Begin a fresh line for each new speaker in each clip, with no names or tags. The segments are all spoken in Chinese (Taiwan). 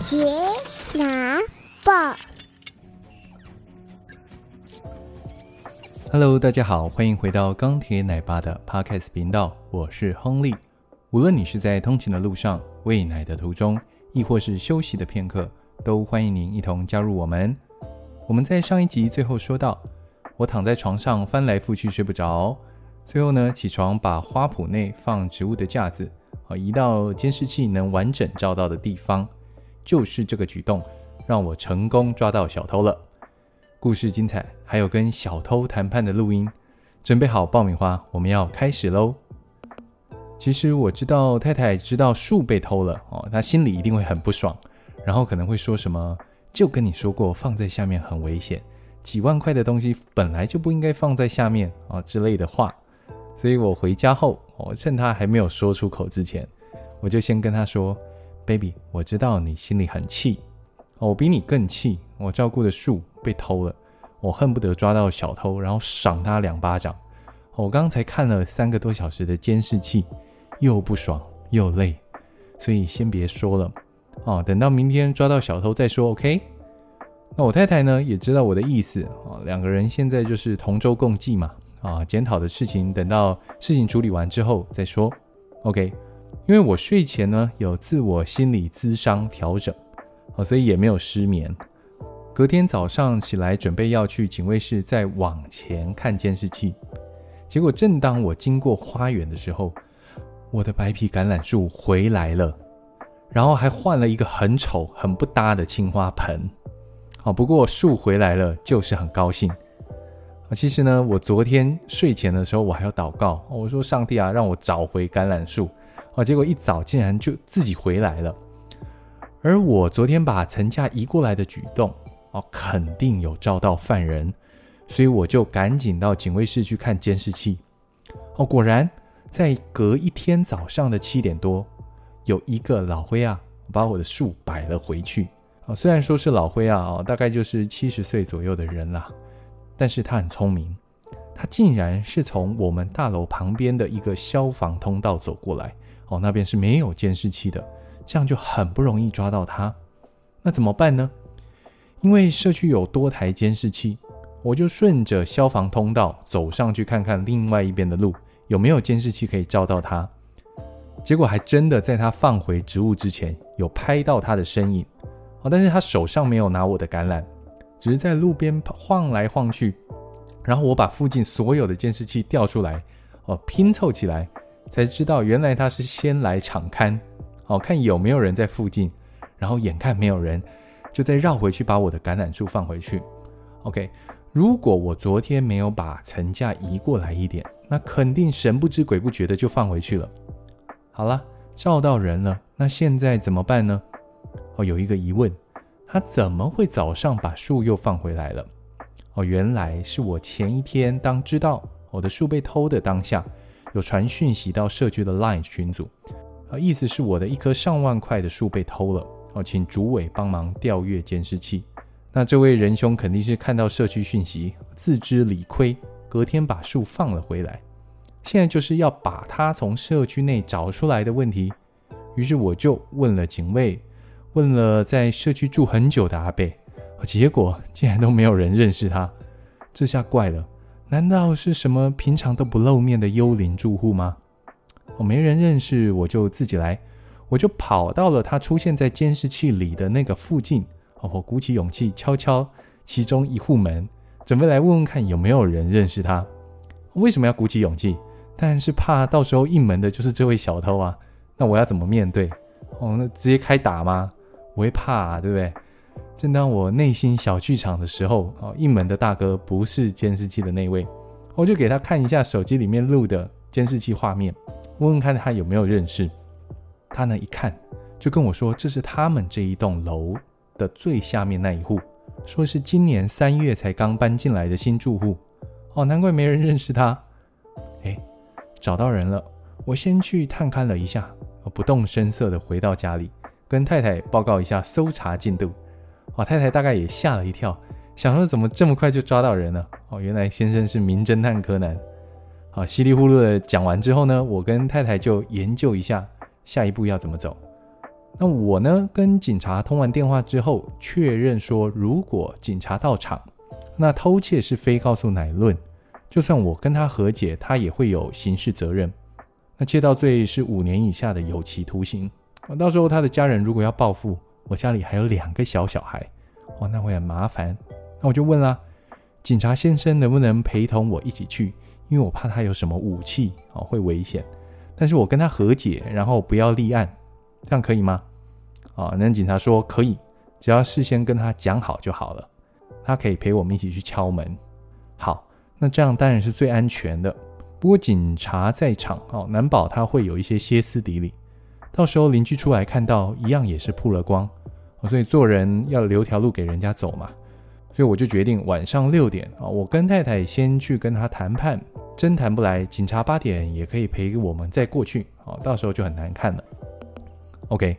《杰拿報》
，Hello，大家好，歡迎回到鋼鐵奶爸的 Podcast 頻道，我是亨利。無論你是在通勤的路上、餵奶的途中，亦或是休息的片刻，都歡迎您一同加入我們。我們在上一集最後說到，我躺在床上翻來覆去睡不着，最後呢，起床把花圃內放植物的架子啊移到監視器能完整照到的地方。就是這個舉動，讓我成功抓到小偷了。故事精彩，還有跟小偷談判的錄音。準備好爆米花，我們要開始嘍！其實我知道太太知道樹被偷了哦，她心裡一定會很不爽，然後可能會說什麼“就跟你說過，放在下面很危險，幾萬塊的東西本來就不應該放在下面啊、哦”之類的話。所以我回家後，我、哦、趁她還沒有說出口之前，我就先跟她說。Baby，我知道你心裡很氣，我比你更氣。我照顧的樹被偷了，我恨不得抓到小偷，然後賞他兩巴掌。我剛才看了三個多小時的監視器，又不爽又累，所以先別說了，哦，等到明天抓到小偷再說。OK，那我太太呢，也知道我的意思，啊，兩個人現在就是同舟共濟嘛，啊、哦，檢討的事情等到事情處理完之後再說。OK。因為我睡前呢有自我心理諮商調整，啊，所以也沒有失眠。隔天早上起來準備要去警衛室再往前看監視器，結果正當我經過花園的時候，我的白皮橄欖樹回來了，然後還換了一個很醜很不搭的青花盆。啊，不過樹回來了就是很高興。啊，其實呢，我昨天睡前的時候我還要禱告，我說上帝啊，讓我找回橄欖樹。啊，結果一早竟然就自己回來了，而我昨天把層架移過來的舉動，哦，肯定有照到犯人，所以我就趕緊到警衛室去看監視器。哦，果然在隔一天早上的七點多，有一個老灰啊，我把我的樹擺了回去。啊、哦，雖然說是老灰啊，哦、大概就是七十歲左右的人啦。但是他很聰明，他竟然是從我們大樓旁邊的一個消防通道走過來。哦，那邊是沒有監視器的，這樣就很不容易抓到他。那怎麼辦呢？因為社區有多台監視器，我就順着消防通道走上去，看看另外一邊的路有沒有監視器可以照到他。結果還真的在他放回植物之前，有拍到他的身影。哦，但是他手上沒有拿我的橄欖，只是在路邊晃來晃去。然後我把附近所有的監視器調出來，哦，拼湊起來。才知道，原來他是先來場勘，哦，看有沒有人在附近，然後眼看沒有人，就再繞回去把我的橄欖樹放回去。OK，如果我昨天沒有把層架移過來一點，那肯定神不知鬼不覺的就放回去了。好了，照到人了，那現在怎麼辦呢？哦，有一個疑問，他怎麼會早上把樹又放回來了？哦，原來是我前一天當知道我的樹被偷的當下。有傳訊息到社區的 LINE 群組，啊，意思是我的一棵上萬塊的樹被偷了，哦，請主委幫忙調閱監視器。那這位仁兄肯定是看到社區訊息，自知理虧，隔天把樹放了回來。現在就是要把他從社區內找出來的問題。於是我就問了警衛，問了在社區住很久的阿伯，結果竟然都沒有人認識他，這下怪了。難道是什麼平常都不露面的幽靈住戶嗎？我、哦，沒人認識，我就自己來，我就跑到了他出現在監視器裡的那個附近。哦，我鼓起勇氣敲敲其中一戶門，準備來問問看有沒有人認識他。為什麼要鼓起勇氣？但是怕到時候應門的就是這位小偷啊。那我要怎麼面對？哦，那直接開打嗎？我會怕啊，對不對？正當我內心小劇場的時候，哦，應門的大哥不是監視器的那位，我就給他看一下手機裡面錄的監視器畫面，問問看他有沒有認識。他呢一看，就跟我說：“這是他們這一棟樓的最下面那一戶，說是今年三月才剛搬進來的新住戶。”哦，難怪沒人認識他。哎、欸，找到人了，我先去探看了一下，不動聲色的回到家裡，跟太太報告一下搜查進度。太太大概也嚇了一跳，想說怎麼這麼快就抓到人呢？哦，原來先生是名偵探柯南。好、啊，稀里呼嚕的講完之後呢，我跟太太就研究一下下一步要怎麼走。那我呢，跟警察通完電話之後，確認說如果警察到場，那偷竊是非告訴乃論，就算我跟他和解，他也會有刑事責任。那竊盜罪是五年以下的有期徒刑。啊，到時候他的家人如果要報復。我家裡還有兩個小小孩哦，那會很麻煩。那我就問啦，警察先生能不能陪同我一起去？因為我怕他有什麼武器哦，會危險。但是我跟他和解，然後不要立案，這樣可以嗎？哦，那警察說可以，只要事先跟他講好就好了，他可以陪我們一起去敲門。好，那這樣當然是最安全的。不過警察在場哦，難保他會有一些歇斯底里。到時候鄰居出來看到一樣也是曝了光，所以做人要留條路給人家走嘛。所以我就決定晚上六點啊，我跟太太先去跟他談判，真談不來，警察八點也可以陪我們再過去。到時候就很難看了。OK，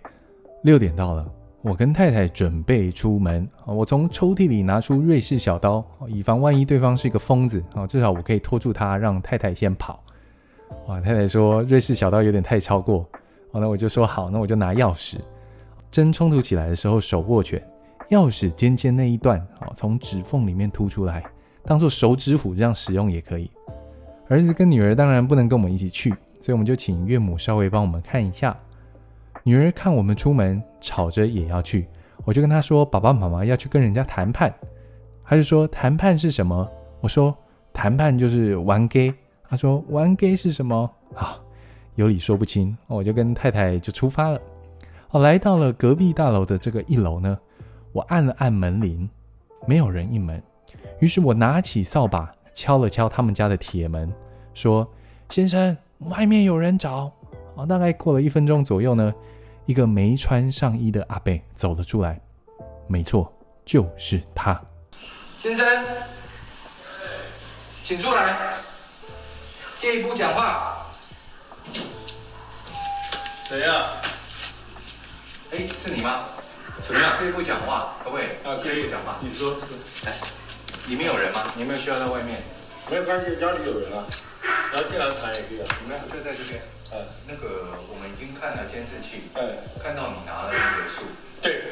六點到了，我跟太太準備出門啊，我從抽屜裡拿出瑞士小刀，以防萬一對方是一個瘋子啊，至少我可以拖住他，讓太太先跑。哇，太太說瑞士小刀有點太超過。好，那我就說好，那我就拿鑰匙。真衝突起來的時候，手握拳，鑰匙尖尖那一段，哦，從指縫裡面凸出來，當做手指虎這樣使用也可以。兒子跟女兒當然不能跟我們一起去，所以我們就請岳母稍微幫我們看一下。女兒看我們出門，吵着也要去，我就跟她說：“爸爸媽媽要去跟人家談判。”她就說：“談判是什麼？”我說：“談判就是玩 gay。”她說：“玩 gay 是什麼？”啊。有理說不清，我就跟太太就出發了。我來到了隔壁大樓的這個一樓呢，我按了按門鈴，沒有人應門。於是我拿起掃把敲了敲他們家的鐵門，說：“先生，外面有人找。”哦，大概過了一分鐘左右呢，一個沒穿上衣的阿伯走了出來。沒錯，就是他。先生，
請出來，借一步講話。
誰呀？哎，是你嗎？怎麼樣？可以不講話？可不可以？可以講話？你說。來，裡面有人嗎？你有沒有需要在外面？
沒有關係，家
裡有人啊。然後進來談也可以啊。你們就在這邊。呃，那個，我們已經看了監視器，嗯，看到你拿了
一個樹。對。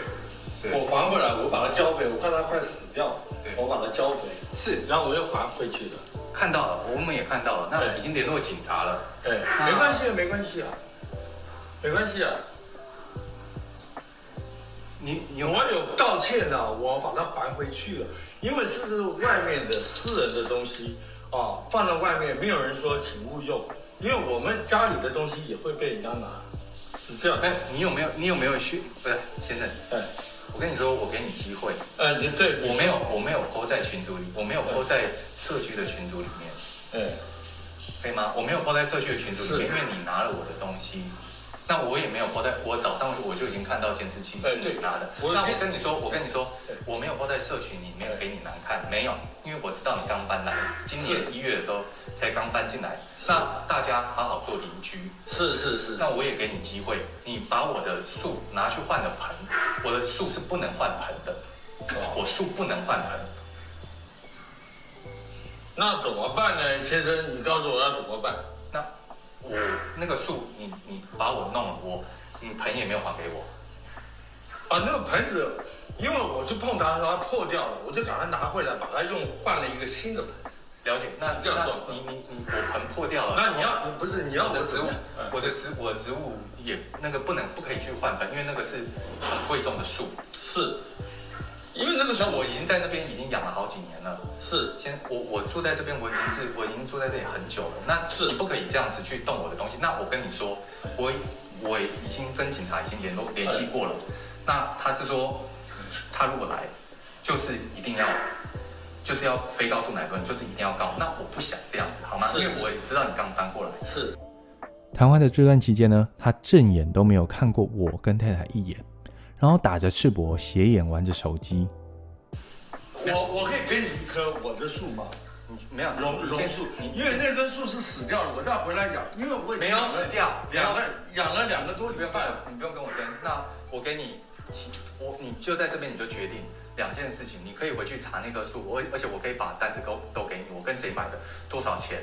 我還回來，我把它交給，我看它快死掉，對，我把它交回。是，然後我又還回去了。看到了，我們也看到了。那已經聯絡警察了。對，沒關係啊，沒關係啊。沒關係啊，你你我有道歉了，啊，我把它還回去了。因為這是外面的私人的東西啊，哦，放在外面沒有人說請勿用。因為我們家裡的東西也會被人家拿，是這樣。哎，欸，你有沒有你有沒有去？不，呃，是，
先生，哎，嗯，我跟你說，我給你機會。呃，嗯，你對我沒有，說我沒有 PO 在群組裡，我沒有 PO 在社區的群組裡面。嗯，可以嗎？我沒有 PO 在社區的群組裡面，啊，因為你拿了我的東西。那我也沒有爆在，我早上我就已經看到監視器是你拿的。那我跟你說，我跟你說，我沒有爆在社群裡，沒有給你難看，沒有，因為我知道你剛搬來，今年一月的時候才剛搬進來。那大家好好做鄰居，是是是。那我也給你機會，你把我的樹拿去換了盆，我的樹是不能換盆的，我樹不能換盆。那怎麼辦呢，
先生？你告訴我要怎麼辦？那。我那個樹，你你把我弄了，我你盆也沒有還給我。啊，那個盆子，因為我就碰它，它破掉了，我就把它拿回來，把它用換了一個新的盆子。了解，那是這樣做。你你你，我盆破掉了。那你要不
是你要的植物，我的植我的植物也那個不能不可以去換盆，因為那個是很貴重的樹。是。因為那個時候我已經在那邊已經養了好幾年了。是。先，我我住在這邊，我已經是，我已經住在這裡很久了。那是。你不可以這樣子去動我的東西。那我跟你說，我我已經跟警察已經聯絡聯繫過了。嗯、那他是說，他如果來，就是一定要，就是要非告訴乃論，就是一定要告。那我不想這樣子，好嗎？是是因為我知道你剛搬過來。是。談話是的這段期間呢，他正眼都沒有看過我跟太太一眼。然後打着赤膊，斜眼玩着手機。
我我可以給你一棵我的樹嗎？你沒有榕榕樹，因為那棵樹是死掉了。我再回來養，
因為我沒有死掉。死兩個養了兩個多禮拜了，了，你不用跟我爭。那我給你，我你就在這邊，你就決定兩件事情。你可以回去查那棵樹，我，而且我可以把單子都都給你，我跟誰買的，多少錢。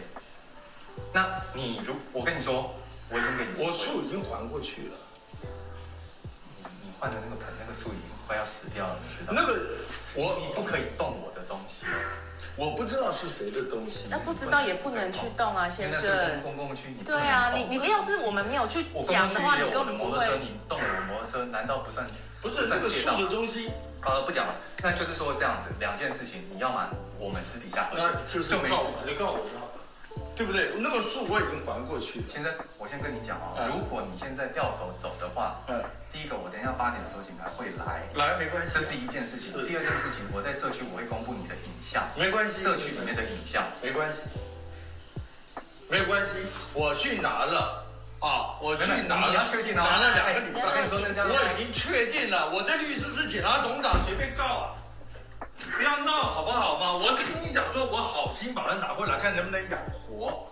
那你如我跟你說，我已經給你，我樹已經還過去了。換的那個盆，那個樹已經快要死掉了，你知道嗎？那個，我你不可以動我的東西，
我不知道是誰的東西。那不知道也不能去動啊，先生。現在是公
共區，你對
啊，你你要是我們沒有去講的話，你根本不會。
我的摩托車，你動我摩托車，難道不算？不是那個樹的東西。好了不講了，那就是說這樣子，兩件事情，你要麼我們私底下。那就是告我，就告我，對不對？那個樹我已經還過去。先生，我先跟你講啊，如果你現在掉頭走的話，嗯。第一個，我等一下八點的時候警察會來，來沒關係。是第一件事情，是第二件事情，我在社區我會公布你的影像，
沒關係。社區裡面的影像，沒關係，沒關係。我去拿了啊，我去拿了確定、哦、拿了兩個禮拜。欸、我已經確定了，我的律師是檢察總長，隨便告啊，不要鬧好不好嘛？我聽你講說，我好心把人拿過來，看能不能養活。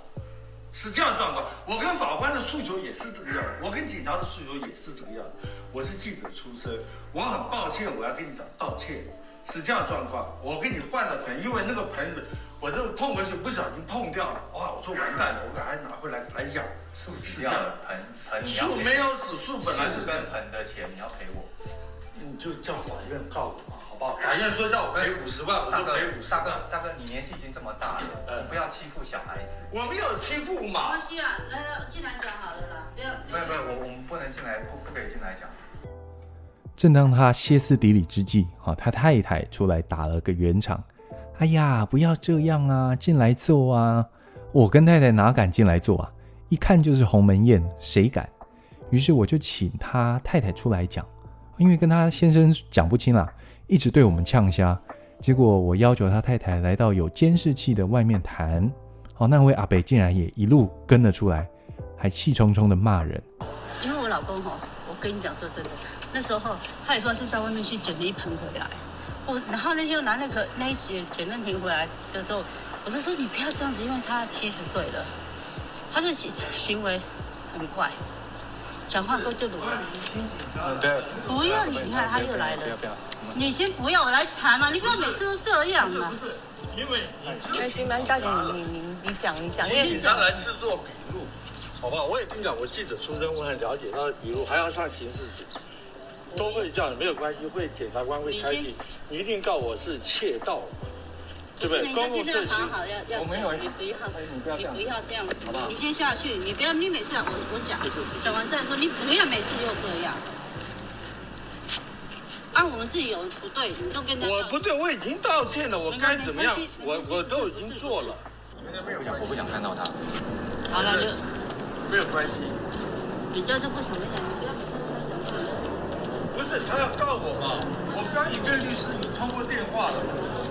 是這樣狀況，我跟法官的訴求也是這個樣，我跟警察的訴求也是這個樣。我是記者出身，我很抱歉，我要跟你講道歉。是這樣狀況，我跟你換了盆，因為那個盆子，我這碰回去不小心碰掉了，哇，我說完蛋了，嗯、我趕快拿回來來養。樹是是這樣的
盆盆樹沒有死，樹本來就是跟盆的錢你要賠我。
就叫法院告我嘛，好不好？法院說叫我賠五十萬，對我都賠五十。大哥，大哥，你年紀已經這麼大了，呃、嗯，不要
欺負小孩子。我沒有欺負嘛。沒關係啊，來、呃、進來講好了啦，不要。沒
有沒有，我有有我們不能進來，
不不可以進來講。正當他歇斯底裡之際，哈，他太太出來打了個圓場。哎呀，不要這樣啊，進來坐啊。我跟太太哪敢進來坐啊？一看就是鴻門宴，誰敢？於是我就請他太太出來講。因為跟他先生講不清啦，一直對我們嗆蝦，結果我要求他太太來到有監視器的外面談。好，那位阿北竟然也一路跟了出來，還氣沖沖的罵人。
因為我老公吼、喔，我跟你講說真的，那時候他也說是在外面去撿了一盆回來，我然後呢又拿那個那一節撿那盆回來的時候，我就說你不要這樣子，因為他七十歲了，他的行行為很怪。’講
話多就錄不要，不要，不要你看他又來了，不要不要。不
要不要不要你先不要，我來談嘛。不是你不要每次都這樣嘛、啊。不是因為你……你知道大姐，你你你，你講你講，因為警察來制作筆錄，好不好？我也跟你講，我記者出身，我很了解他的筆錄，還要上刑事組，都會這樣，沒有關係。會檢察官會開庭，你，去你一定告我是竊盜。對不對？你現在躺好，要要你不要，你不要這樣子，好不好？你先下去，你不要你每次我我講講完再說，你不要每次又這樣。按我們自己有不對，你就跟他。我不對，我已經道歉了，我該怎麼樣？我我都已經做了，沒有關係，我不想看到他。好了，就，沒有關係，你叫就不想見了，不要。不是他要告我嘛？我剛已跟律師通過電話了。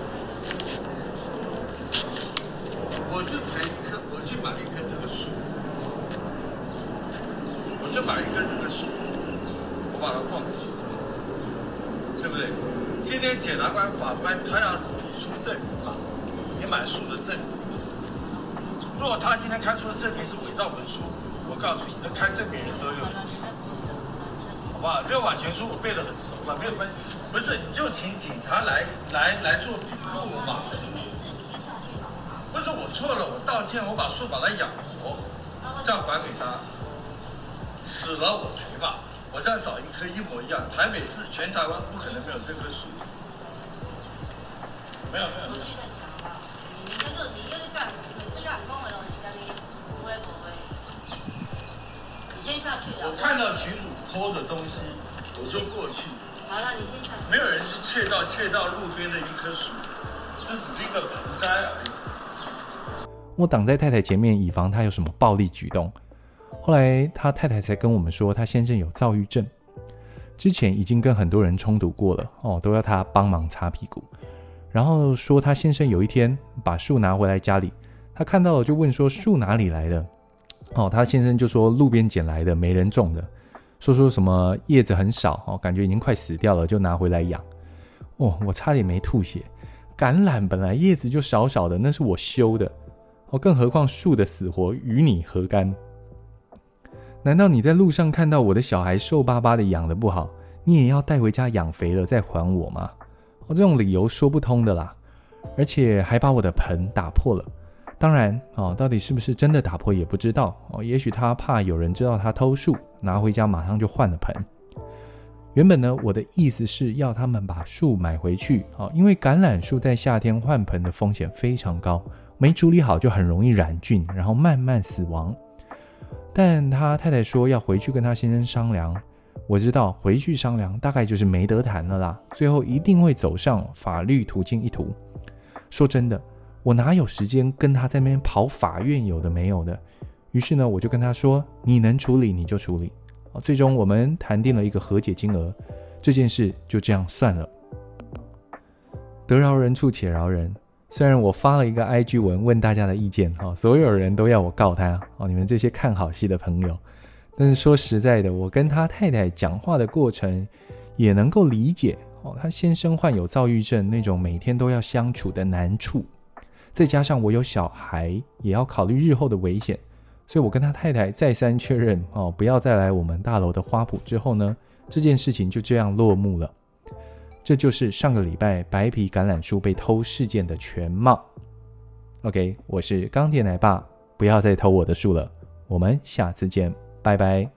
我就買一棵，我去買一棵這個樹，我就買一棵這個樹，我把它放進去，對不對？今天檢察官、法官他要你出證啊，你買樹的證。如果他今天開出的證明是偽造文書，我告訴你，那開證明人都有本事，好吧？六法全書我背得很熟了，沒有關係，不是你就請警察來來來做筆錄嘛。是我錯了，我道歉，我把樹把它養活，這樣還給他。死了我賠吧，我再找一棵一模一樣。台北市、全台灣不可能沒有這棵樹。沒有沒有。沒有。我看到群組，偷的東西，我就過去。好了，你先下去。沒有人去竊盜竊盜路邊的一棵樹，這只是一個盆栽而已。
我擋在太太前面，以防她有什麼暴力舉動。後來她太太才跟我們說，她先生有躁鬱症，之前已經跟很多人衝突過了哦，都要他幫忙擦屁股。然後說他先生有一天把樹拿回來家裡，他看到了就問說樹哪裡來的？哦，他先生就說路邊撿來的，沒人種的，說說什麼葉子很少哦，感覺已經快死掉了，就拿回來養。哦，我差點沒吐血。橄欖本來葉子就少少的，那是我修的。哦，更何況樹的死活與你何干？難道你在路上看到我的小孩瘦巴巴的養得不好，你也要帶回家養肥了再還我嗎？哦，這種理由說不通的啦，而且還把我的盆打破了。當然哦，到底是不是真的打破也不知道哦，也許他怕有人知道他偷樹拿回家，馬上就換了盆。原本呢，我的意思是要他們把樹買回去哦，因為橄欖樹在夏天換盆的風險非常高。沒處理好就很容易染菌，然後慢慢死亡。但他太太說要回去跟他先生商量。我知道回去商量大概就是沒得談了啦，最後一定會走上法律途徑一途。說真的，我哪有時間跟他在那邊跑法院，有的沒有的。於是呢，我就跟他說：“你能處理你就處理。”最終我們談定了一個和解金額，這件事就這樣算了。得饒人處且饒人。雖然我發了一個 IG 文問大家的意見哈，哦，所有人都要我告他哦，你們這些看好戲的朋友。但是說實在的，我跟他太太講話的過程也能夠理解哦，他先生患有躁鬱症那種每天都要相處的難處，再加上我有小孩也要考慮日後的危險，所以我跟他太太再三確認哦，不要再來我們大樓的花圃之後呢，這件事情就這樣落幕了。這就是上個禮拜白皮橄欖樹被偷事件的全貌。OK，我是鋼鐵奶爸，不要再偷我的樹了。我們下次見，拜拜。